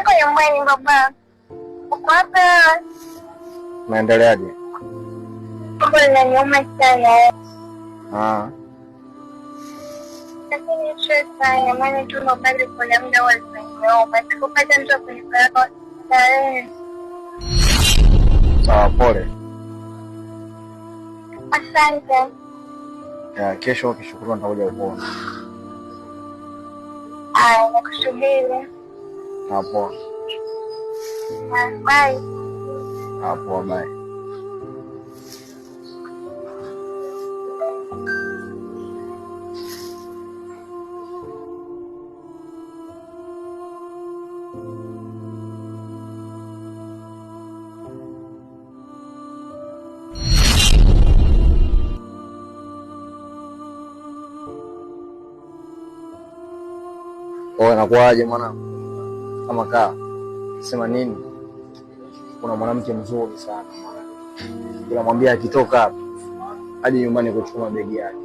Nyumbani baba, uko hapa? Unaendeleaje? Mambo yananiuma sana. Ah, lakini sana maana pale muda wa mtu kunipeleka hospitali. Sawa, pole. Asante. Ya, kesho ukishukuru nitakuja kuona. Ah, nakushukuru. Hapo bye. Hapo bye. Wewe unakuwaje mwanangu? ama kaa sema nini, kuna mwanamke mzuri sana unamwambia akitoka hapa hadi nyumbani kuchukua mabegi yake.